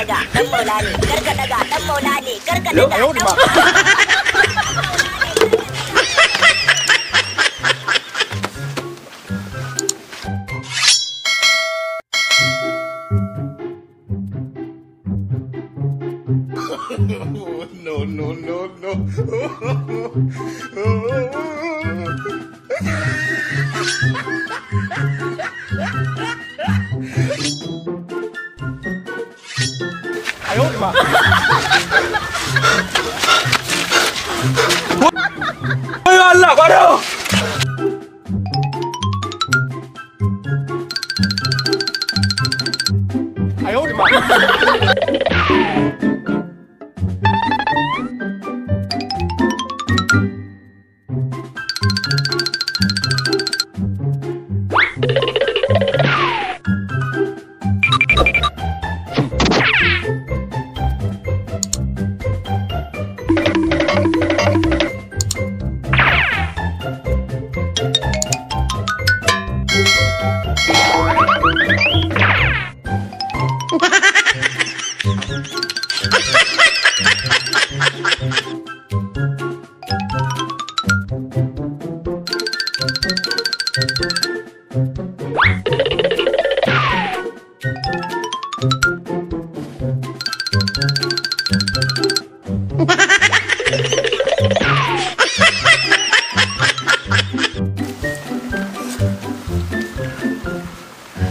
daga dan maula ne kar no, no, no, no. oh. 여기 봐. 어여 알라 말여. 아 여기 봐. Ha ha ha ha!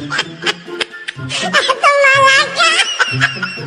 怎么了呀？